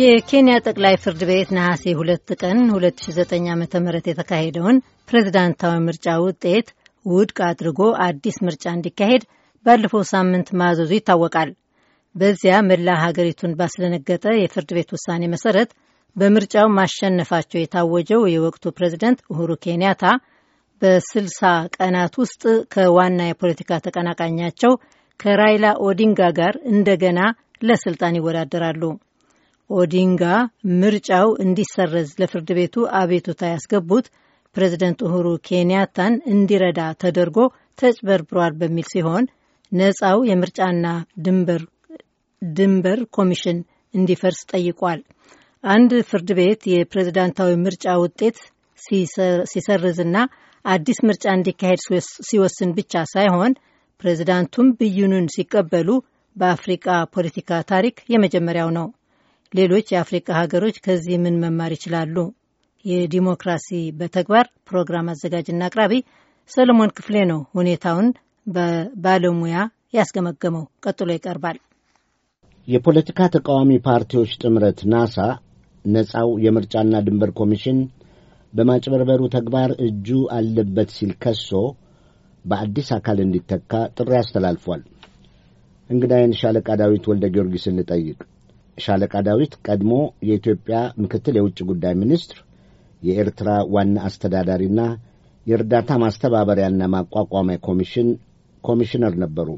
የኬንያ ጠቅላይ ፍርድ ቤት ነሐሴ ሁለት ቀን 2009 ዓ ም የተካሄደውን ፕሬዝዳንታዊ ምርጫ ውጤት ውድቅ አድርጎ አዲስ ምርጫ እንዲካሄድ ባለፈው ሳምንት ማዘዙ ይታወቃል። በዚያ መላ ሀገሪቱን ባስደነገጠ የፍርድ ቤት ውሳኔ መሰረት በምርጫው ማሸነፋቸው የታወጀው የወቅቱ ፕሬዝደንት ኡሁሩ ኬንያታ በ60 ቀናት ውስጥ ከዋና የፖለቲካ ተቀናቃኛቸው ከራይላ ኦዲንጋ ጋር እንደገና ለስልጣን ይወዳደራሉ። ኦዲንጋ ምርጫው እንዲሰረዝ ለፍርድ ቤቱ አቤቱታ ያስገቡት ፕሬዚደንት ኡሁሩ ኬንያታን እንዲረዳ ተደርጎ ተጭበርብሯል በሚል ሲሆን ነፃው የምርጫና ድንበር ኮሚሽን እንዲፈርስ ጠይቋል። አንድ ፍርድ ቤት የፕሬዝዳንታዊ ምርጫ ውጤት ሲሰርዝና አዲስ ምርጫ እንዲካሄድ ሲወስን ብቻ ሳይሆን ፕሬዝዳንቱም ብይኑን ሲቀበሉ በአፍሪቃ ፖለቲካ ታሪክ የመጀመሪያው ነው። ሌሎች የአፍሪካ ሀገሮች ከዚህ ምን መማር ይችላሉ? የዲሞክራሲ በተግባር ፕሮግራም አዘጋጅና አቅራቢ ሰለሞን ክፍሌ ነው ሁኔታውን በባለሙያ ያስገመገመው። ቀጥሎ ይቀርባል። የፖለቲካ ተቃዋሚ ፓርቲዎች ጥምረት ናሳ ነፃው የምርጫና ድንበር ኮሚሽን በማጭበርበሩ ተግባር እጁ አለበት ሲል ከሶ በአዲስ አካል እንዲተካ ጥሪ አስተላልፏል። እንግዳይን ሻለቃ ዳዊት ወልደ ጊዮርጊስ እንጠይቅ። ሻለቃ ዳዊት ቀድሞ የኢትዮጵያ ምክትል የውጭ ጉዳይ ሚኒስትር፣ የኤርትራ ዋና አስተዳዳሪና የእርዳታ ማስተባበሪያና ማቋቋሚያ ኮሚሽን ኮሚሽነር ነበሩ።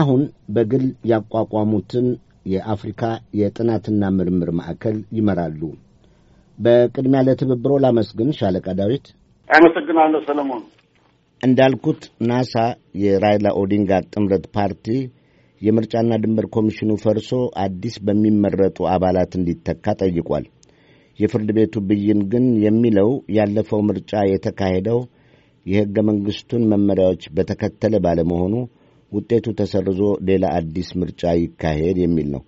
አሁን በግል ያቋቋሙትን የአፍሪካ የጥናትና ምርምር ማዕከል ይመራሉ። በቅድሚያ ለትብብሮ ላመስግን ሻለቃ ዳዊት። አመሰግናለሁ ሰለሞን። እንዳልኩት ናሳ የራይላ ኦዲንጋ ጥምረት ፓርቲ የምርጫና ድንበር ኮሚሽኑ ፈርሶ አዲስ በሚመረጡ አባላት እንዲተካ ጠይቋል። የፍርድ ቤቱ ብይን ግን የሚለው ያለፈው ምርጫ የተካሄደው የሕገ መንግሥቱን መመሪያዎች በተከተለ ባለመሆኑ ውጤቱ ተሰርዞ ሌላ አዲስ ምርጫ ይካሄድ የሚል ነው።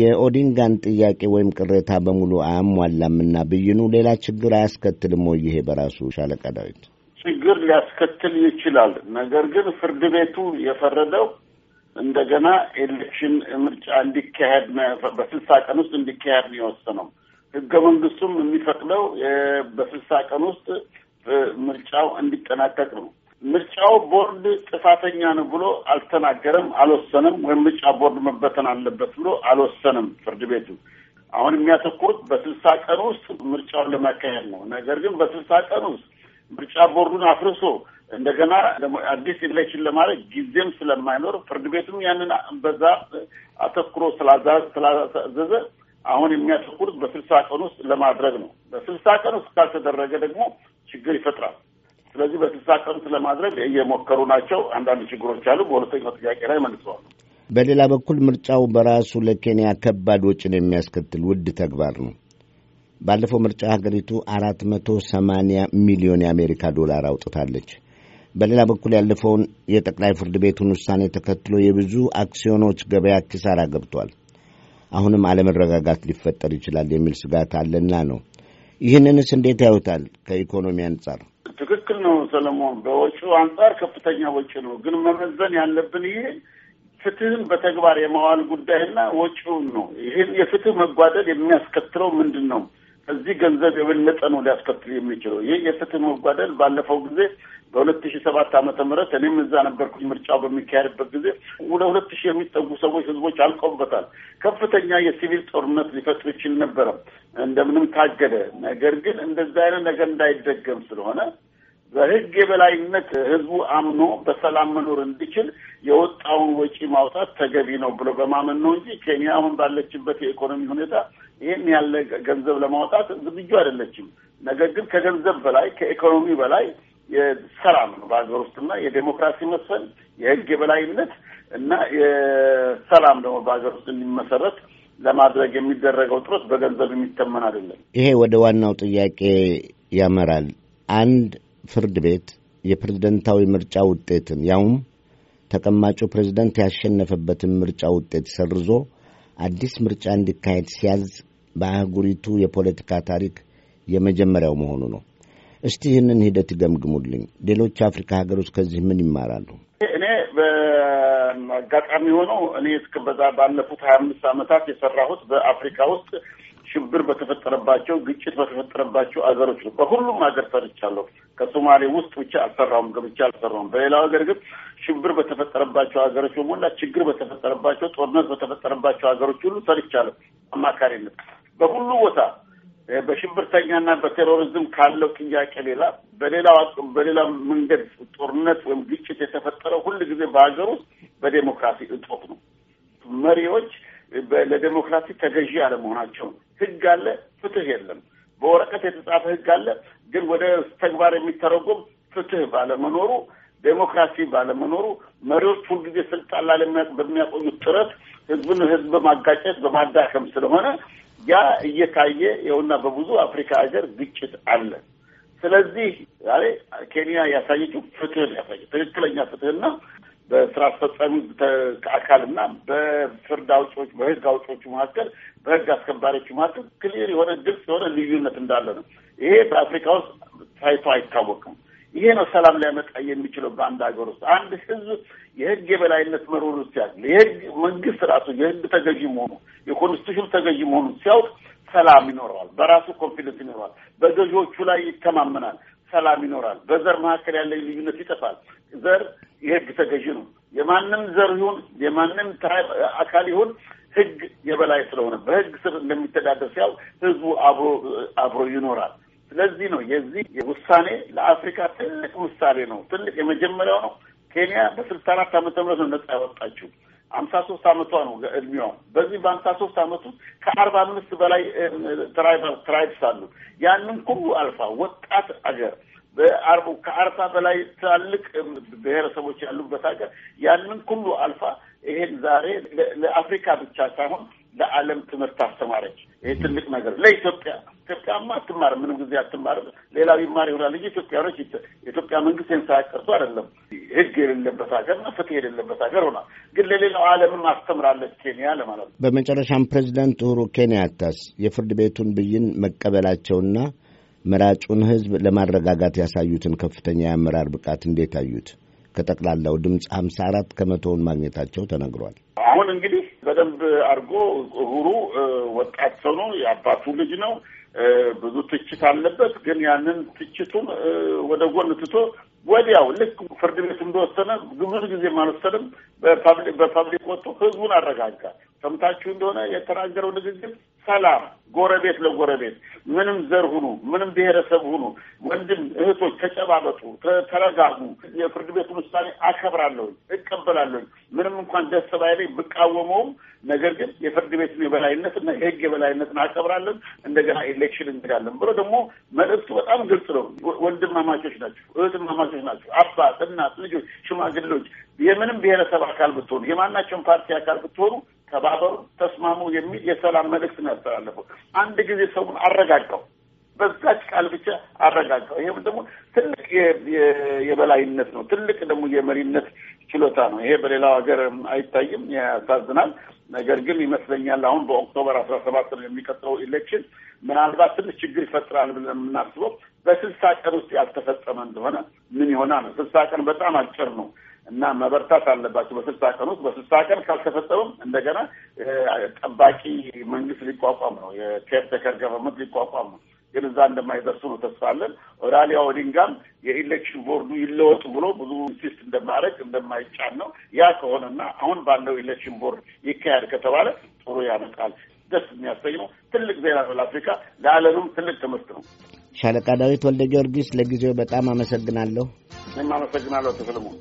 የኦዲንጋን ጥያቄ ወይም ቅሬታ በሙሉ አያሟላምና ብይኑ ሌላ ችግር አያስከትልም ወይ? ይሄ በራሱ ሻለቃ ዳዊት ችግር ሊያስከትል ይችላል። ነገር ግን ፍርድ ቤቱ የፈረደው እንደገና ኤሌክሽን ምርጫ እንዲካሄድ በስልሳ ቀን ውስጥ እንዲካሄድ ነው የወሰነው። ህገ መንግስቱም የሚፈቅደው በስልሳ ቀን ውስጥ ምርጫው እንዲጠናቀቅ ነው። ምርጫው ቦርድ ጥፋተኛ ነው ብሎ አልተናገረም፣ አልወሰንም። ወይም ምርጫ ቦርድ መበተን አለበት ብሎ አልወሰንም ፍርድ ቤቱ። አሁን የሚያተኩሩት በስልሳ ቀን ውስጥ ምርጫውን ለማካሄድ ነው። ነገር ግን በስልሳ ቀን ውስጥ ምርጫ ቦርዱን አፍርሶ እንደገና ደግሞ አዲስ ኢሌክሽን ለማድረግ ጊዜም ስለማይኖር ፍርድ ቤቱም ያንን በዛ አተኩሮ ስላዘዘ አሁን የሚያተኩሩት በስልሳ ቀን ውስጥ ለማድረግ ነው። በስልሳ ቀን ውስጥ ካልተደረገ ደግሞ ችግር ይፈጥራል። ስለዚህ በስልሳ ቀን ውስጥ ለማድረግ እየሞከሩ ናቸው። አንዳንድ ችግሮች አሉ። በሁለተኛው ጥያቄ ላይ መልሰዋል። በሌላ በኩል ምርጫው በራሱ ለኬንያ ከባድ ወጪን የሚያስከትል ውድ ተግባር ነው። ባለፈው ምርጫ ሀገሪቱ አራት መቶ ሰማንያ ሚሊዮን የአሜሪካ ዶላር አውጥታለች። በሌላ በኩል ያለፈውን የጠቅላይ ፍርድ ቤቱን ውሳኔ ተከትሎ የብዙ አክሲዮኖች ገበያ ኪሳራ ገብቷል። አሁንም አለመረጋጋት ሊፈጠር ይችላል የሚል ስጋት አለና ነው። ይህንንስ እንዴት ያዩታል? ከኢኮኖሚ አንጻር ትክክል ነው ሰለሞን። በወጪው አንጻር ከፍተኛ ወጪ ነው፣ ግን መመዘን ያለብን ይሄ ፍትህን በተግባር የማዋል ጉዳይና ወጪውን ነው። ይህን የፍትህ መጓደል የሚያስከትለው ምንድን ነው? ከዚህ ገንዘብ የበለጠ ነው ሊያስከትል የሚችለው። ይህ የፍትህ መጓደል ባለፈው ጊዜ በሁለት ሺ ሰባት አመተ ምህረት እኔም እዛ ነበርኩኝ። ምርጫው በሚካሄድበት ጊዜ ወደ ሁለት ሺ የሚጠጉ ሰዎች ህዝቦች አልቀውበታል። ከፍተኛ የሲቪል ጦርነት ሊፈጥር ይችል ነበረ። እንደምንም ታገደ። ነገር ግን እንደዛ አይነት ነገር እንዳይደገም ስለሆነ በህግ የበላይነት ህዝቡ አምኖ በሰላም መኖር እንዲችል የወጣውን ወጪ ማውጣት ተገቢ ነው ብሎ በማመን ነው እንጂ ኬንያ አሁን ባለችበት የኢኮኖሚ ሁኔታ ይህን ያለ ገንዘብ ለማውጣት ዝግጁ አይደለችም። ነገር ግን ከገንዘብ በላይ ከኢኮኖሚ በላይ የሰላም ነው በሀገር ውስጥና የዴሞክራሲ መስፈን የህግ የበላይነት እና የሰላም ደግሞ በሀገር ውስጥ እንዲመሰረት ለማድረግ የሚደረገው ጥረት በገንዘብ የሚተመን አይደለም። ይሄ ወደ ዋናው ጥያቄ ያመራል። አንድ ፍርድ ቤት የፕሬዝደንታዊ ምርጫ ውጤትን ያውም ተቀማጩ ፕሬዝደንት ያሸነፈበትን ምርጫ ውጤት ሰርዞ አዲስ ምርጫ እንዲካሄድ ሲያዝ በአህጉሪቱ የፖለቲካ ታሪክ የመጀመሪያው መሆኑ ነው። እስቲ ይህንን ሂደት ይገምግሙልኝ። ሌሎች አፍሪካ ሀገሮች ከዚህ ምን ይማራሉ? እኔ በአጋጣሚ ሆነው እኔ እስከ በዛ ባለፉት ሀያ አምስት አመታት የሰራሁት በአፍሪካ ውስጥ ሽብር በተፈጠረባቸው ግጭት በተፈጠረባቸው አገሮች ነው። በሁሉም ሀገር ሰርቻለሁ። ከሶማሌ ውስጥ ብቻ አልሰራሁም፣ ገብቼ አልሰራሁም። በሌላው ሀገር ግን ሽብር በተፈጠረባቸው ሀገሮች በሞላ ችግር በተፈጠረባቸው ጦርነት በተፈጠረባቸው ሀገሮች ሁሉ ሰርቻለሁ አማካሪነት በሁሉ ቦታ በሽብርተኛና በቴሮሪዝም ካለው ጥያቄ ሌላ በሌላ በሌላ መንገድ ጦርነት ወይም ግጭት የተፈጠረው ሁል ጊዜ በሀገር ውስጥ በዴሞክራሲ እጦት ነው። መሪዎች ለዴሞክራሲ ተገዢ አለመሆናቸው ነው። ህግ አለ፣ ፍትህ የለም። በወረቀት የተጻፈ ህግ አለ፣ ግን ወደ ተግባር የሚተረጎም ፍትህ ባለመኖሩ ዴሞክራሲ ባለመኖሩ መሪዎች ሁልጊዜ ስልጣን ላይ በሚያቆዩት ጥረት ህዝብን ህዝብ በማጋጨት በማዳከም ስለሆነ ያ እየታየ ይኸውና በብዙ አፍሪካ ሀገር ግጭት አለ። ስለዚህ ዛሬ ኬንያ ያሳየችው ፍትህን ያሳየ ትክክለኛ ፍትህና በስራ አስፈጻሚ አካልና በፍርድ አውጪዎች በህግ አውጪዎቹ መካከል በህግ አስከባሪዎቹ መካከል ክሊር የሆነ ግልጽ የሆነ ልዩነት እንዳለ ነው። ይሄ በአፍሪካ ውስጥ ታይቶ አይታወቅም። ይሄ ነው ሰላም ሊያመጣ የሚችለው በአንድ ሀገር ውስጥ አንድ ህዝብ የህግ የበላይነት መኖሩን ሲያውቅ፣ የህግ መንግስት ራሱ የህግ ተገዥ መሆኑ የኮንስቲቱሽን ተገዥ መሆኑ ሲያውቅ ሰላም ይኖረዋል። በራሱ ኮንፊደንስ ይኖረዋል። በገዢዎቹ ላይ ይተማመናል። ሰላም ይኖራል። በዘር መካከል ያለ ልዩነት ይጠፋል። ዘር የህግ ተገዢ ነው። የማንም ዘር ይሁን የማንም አካል ይሁን ህግ የበላይ ስለሆነ በህግ ስር እንደሚተዳደር ሲያው ህዝቡ አብሮ አብሮ ይኖራል። ስለዚህ ነው የዚህ ውሳኔ ለአፍሪካ ትልቅ ውሳኔ ነው። ትልቅ የመጀመሪያው ነው። ኬንያ በስልሳ አራት ዓመተ ምህረት ነው ነጻ ያወጣችው። አምሳ ሶስት አመቷ ነው እድሜዋ። በዚህ በአምሳ ሶስት አመቱ ከአርባ አምስት በላይ ትራይብስ አሉ። ያንን ሁሉ አልፋ ወጣት አገር በአርቡ ከአርባ በላይ ትላልቅ ብሔረሰቦች ያሉበት ሀገር ያንን ሁሉ አልፋ ይሄን ዛሬ ለአፍሪካ ብቻ ሳይሆን ለዓለም ትምህርት አስተማረች። ይሄ ትልቅ ነገር ለኢትዮጵያ። ኢትዮጵያማ አትማርም፣ ምንም ጊዜ አትማርም። ሌላው ይማር ይሆናል እንጂ ነች። የኢትዮጵያ መንግስት ይህን ሳያቀርቱ አይደለም። ህግ የሌለበት ሀገርና ፍትህ የሌለበት ሀገር ሆናል። ግን ለሌላው ዓለምም አስተምራለች ኬንያ ለማለት ነው። በመጨረሻም ፕሬዚደንት ኡሁሩ ኬንያታስ የፍርድ ቤቱን ብይን መቀበላቸውና መራጩን ህዝብ ለማረጋጋት ያሳዩትን ከፍተኛ የአመራር ብቃት እንዴት አዩት? ከጠቅላላው ድምፅ ሀምሳ አራት ከመቶውን ማግኘታቸው ተነግሯል። አሁን እንግዲህ በደንብ አድርጎ እሁሩ ወጣት ሰው ነው፣ የአባቱ ልጅ ነው። ብዙ ትችት አለበት። ግን ያንን ትችቱን ወደ ጎን ትቶ ወዲያው ልክ ፍርድ ቤት እንደወሰነ ብዙ ጊዜ አልወሰንም፣ በፐብሊክ ወጥቶ ህዝቡን አረጋጋ። ሰምታችሁ እንደሆነ የተናገረው ንግግር ሰላም ጎረቤት ለጎረቤት ምንም ዘር ሁኑ፣ ምንም ብሔረሰብ ሁኑ፣ ወንድም እህቶች ተጨባበጡ፣ ተረጋጉ። የፍርድ ቤቱን ውሳኔ አከብራለሁ እቀበላለሁ ምንም እንኳን ደስ ባይለኝ ብቃወመውም፣ ነገር ግን የፍርድ ቤቱን የበላይነት እና የህግ የበላይነትን አከብራለን። እንደገና ኤሌክሽን እንሄዳለን ብሎ ደግሞ መልእክቱ በጣም ግልጽ ነው። ወንድማማቾች ናቸው፣ እህትማማቾች ናቸው። አባት፣ እናት፣ ልጆች፣ ሽማግሌዎች የምንም ብሔረሰብ አካል ብትሆኑ፣ የማናቸውም ፓርቲ አካል ብትሆኑ ተባበሩ፣ ተስማሙ የሚል የሰላም መልእክት ነው ያስተላለፈው። አንድ ጊዜ ሰውን አረጋጋው፣ በዛች ቃል ብቻ አረጋጋው። ይሄም ደግሞ ትልቅ የበላይነት ነው፣ ትልቅ ደግሞ የመሪነት ችሎታ ነው። ይሄ በሌላው ሀገር አይታይም፣ ያሳዝናል። ነገር ግን ይመስለኛል አሁን በኦክቶበር አስራ ሰባት ነው የሚቀጥለው ኢሌክሽን ምናልባት ትንሽ ችግር ይፈጥራል ብለን የምናስበው በስልሳ ቀን ውስጥ ያልተፈጸመ እንደሆነ ምን ይሆናል? ስልሳ ቀን በጣም አጭር ነው። እና መበርታት አለባቸው። በስልሳ ቀን ውስጥ በስልሳ ቀን ካልተፈጸመም እንደገና ጠባቂ መንግስት ሊቋቋም ነው፣ የኬር ቴከር ገቨርመንት ሊቋቋም ነው። ግን እዛ እንደማይደርሱ ነው ተስፋ አለን። ራሊያ ኦዲንጋም የኢሌክሽን ቦርዱ ይለወጡ ብሎ ብዙ ኢንሲስት እንደማድረግ እንደማይጫን ነው። ያ ከሆነና አሁን ባለው ኢሌክሽን ቦርድ ይካሄድ ከተባለ ጥሩ ያመጣል። ደስ የሚያሰኝ ነው። ትልቅ ዜና ነው ለአፍሪካ ለዓለምም ትልቅ ትምህርት ነው። ሻለቃ ዳዊት ወልደ ጊዮርጊስ ለጊዜው በጣም አመሰግናለሁ። እኔም አመሰግናለሁ።